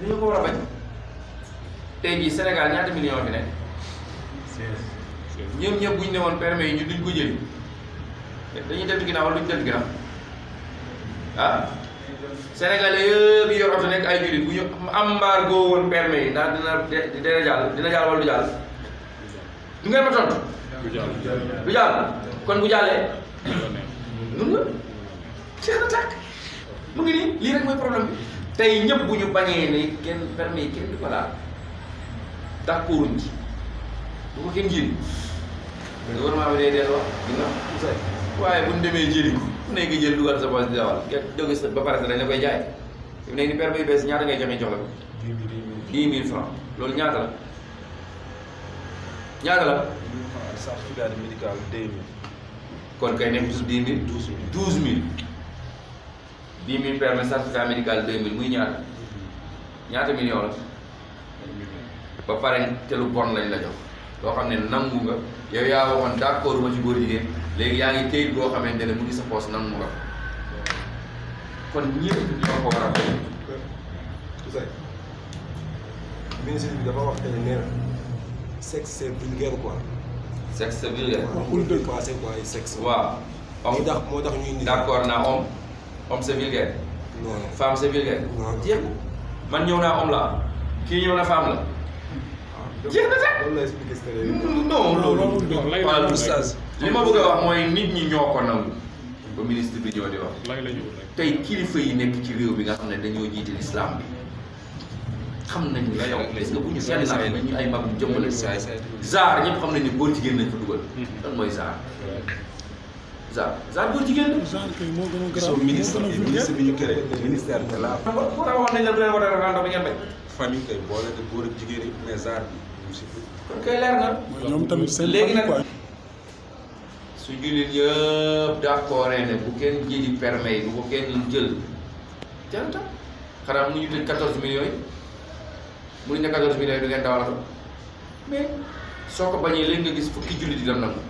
ni ñu ko war a bañ tey jii Sénégal ñaata million bi nekk ñoom ñëpp bu ne woon permis yi ñu duñ ko jëli dañuy dem ginnaaw wala duñ dem ginnaaw ah sénégalais yëpp yor oto nekk ay jullit bu ñu am embargo woon permis yi ndax dina dina jàll dina jàll wala du jàll du ngeen ma tontu du jàll kon bu jàllee nun la jeex na tàkk mu ngi nii lii rek mooy problème tey ñëpp bu ñu bañee ni kenn permis kenn du ko laal d'accorduñ ci bu ko kenn jëriñ waaye bu ñu demee jëriñ ko ku nekk jël dugal sa bos di dawal nga sa ba pare sa dañ la koy jaay su nekk ni permis bees ñaata ngay joxe jox la ko dix mille francs loolu ñaata la ñaata la certificat médical deux mille kon kay nekk dix mille douze dix mille permis certificat médical deux muy ñaata ñaata million la ba pare te lu bon lañ la jox loo xam ne nangu nga yow yaa waxoon d'accord ma ci góor jigéen léegi yaa ngi téyit boo xamante ne mu ngi sa poos nangu nga kon ñëpp ñoo ko war a fay ministre na sexe moo tax moo naa om homme c'est vulgaire. femme c'est vulgaire. jeex na man ñëw naa homme la kii ñëw na femme la. Ah, jeex na sax non loolu. loolu stage li ma bëgg a wax mooy nit ñi ñoo ko nangu. ba ministre bi ñoo di wax. tey kilifa yi nekk ci réew bi nga xam ne dañoo jiite l'islam bi. xam nañ la yow est-ce que bu ñu kenn naan nañu ay mag jëmbale saay saay. zaar ñëpp xam nañ ne góor jigéen nañ fa dugal. Hmm. lan mooy zaar. genre genre góor jigéen la. genre gën a garaaw moo ministre ministre bi ñu créé ministère de la. xam nga wax nañ la bu leen war a ràndoo ngeen bay. famille kay boole de góor ak jigéen yi bi mu si. kon kay leer na. ñoom tamit seen léegi nag su ko kenn jël jant xanaa mu ñu tëj 14 millions yi mu ñu ne 14 millions yi du ngeen dawal ko mais soo ko bañee léegi nga gis fukki jullit yi dem nangu.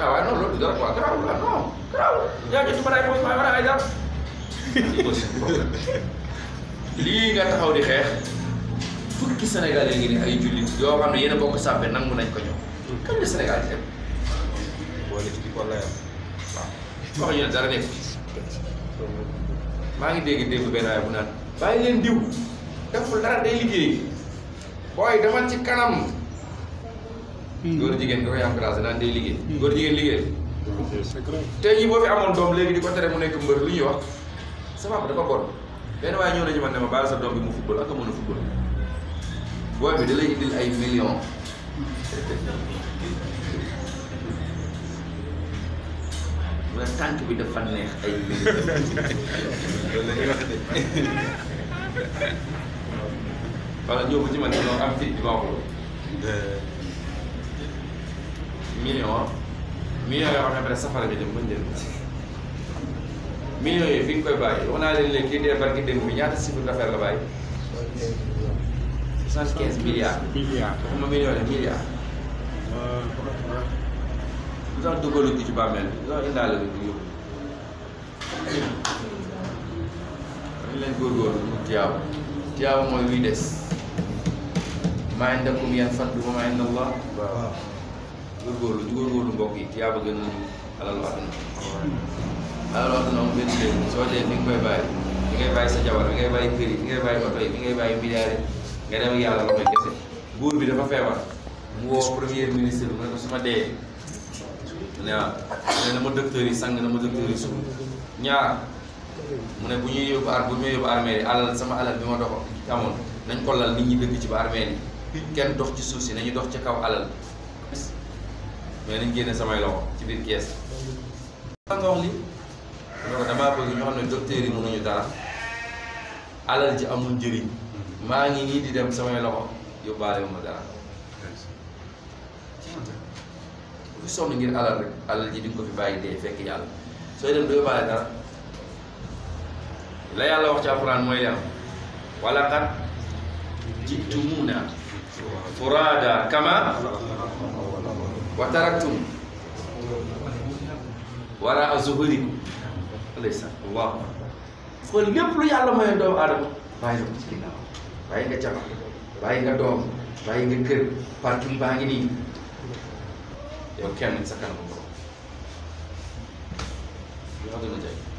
ah waaye noonu loolu dara quoi garaawul ah non garaawul yaa ngi ci mën ay poos maa mën ay dara lii nga taxaw di xeex fukki Sénégal yi ngi ni ay jullit yoo xam ne yéen a bokk sàppe nangu nañ ko ñoom kan la Sénégal di dem boo def di ko layam waaw wax ñu ne dara nekk maa ngi dégg dégg benn waaye bu naan bàyyi leen diw deful dara day liggéey booy demal ci kanam Hmm. góor jigéen nga koy encouragé naan liggéey hmm. góor jigéen liggéey tey jii boo fi amoon doom léegi di ko tere mu nekk mbër lu ñuy wax sa papa dafa bon waaye ñëw na ci man ne ma baal sa doom bi mu football ak a mën a football booy bi da lay indil ay million wala tànk bi dafa neex ay million loolu la ñuy wax de wala ñëw ba ci man ne am fi di ma million million yoo xam ne safara bi dem ba njël millions yi fi nga koy bàyyi wax naa leen léegi kii dee barki démb bi ñaata chiffre d'affaires la bàyyi. soixante quinze milliards. milliards waxuma million de lu tax dugalu gi ci bàmmeel lu tax indaale wu ñu yóbbu. dañ leen góorgóorlu mu tiyaabu tiyaabu mooy wiy des. maa indakum yan fan du ma maa góorgóorlu ñu góorgóorlu mbokk yi tiyaaba gën nañu alal àdduna alal àdduna moom benn léegi soo dee fi nga koy bàyyi fi ngay bàyyi sa jabar fi ngay bàyyi kër yi fi ngay bàyyi oto yi fi ngay bàyyi milliards yi nga dem yàlla la koy kese buur bi dafa feebar mu woo premier ministre bi mu ne ko su ma dee ne waaw ah, ne na ma docteur yi sang na ma docteur yi suuf ñaar mu ne bu ñuy yóbbu ar bu ñuy yóbbu armée yi alal sama alal bi ma doxo amoon nañ ko lal nit ñi dëgg ci ba armée yi kenn dox ci suuf si nañu dox ci kaw alal mooy nañ génne samay loxo ci biir kees bi. nga wax li mu ne ko damaa bëgg ñu xam ne docteurs yi mënuñu dara alal ji amul njëriñ hmm. maa ngi nii di dem samay loxo yóbbaale wu ma dara. ku sonn ngir alal rek alal ji di nga ko fi bàyyi dee fekk yàlla sooy dem du yóbbaale dara la yàlla wax ci alxuraan mooy yàlla wala xat jittumuna furaada kama wa taraktum wara zuhurikum alaysa allah kon lépp lu yàlla mayoon doomu aadama bàyyi nga ko ci ginnaaw bàyyi nga jabar bàyyi nga doom bàyyi nga kër parking baa ngi nii yow kenn sa kanam borom yoo xam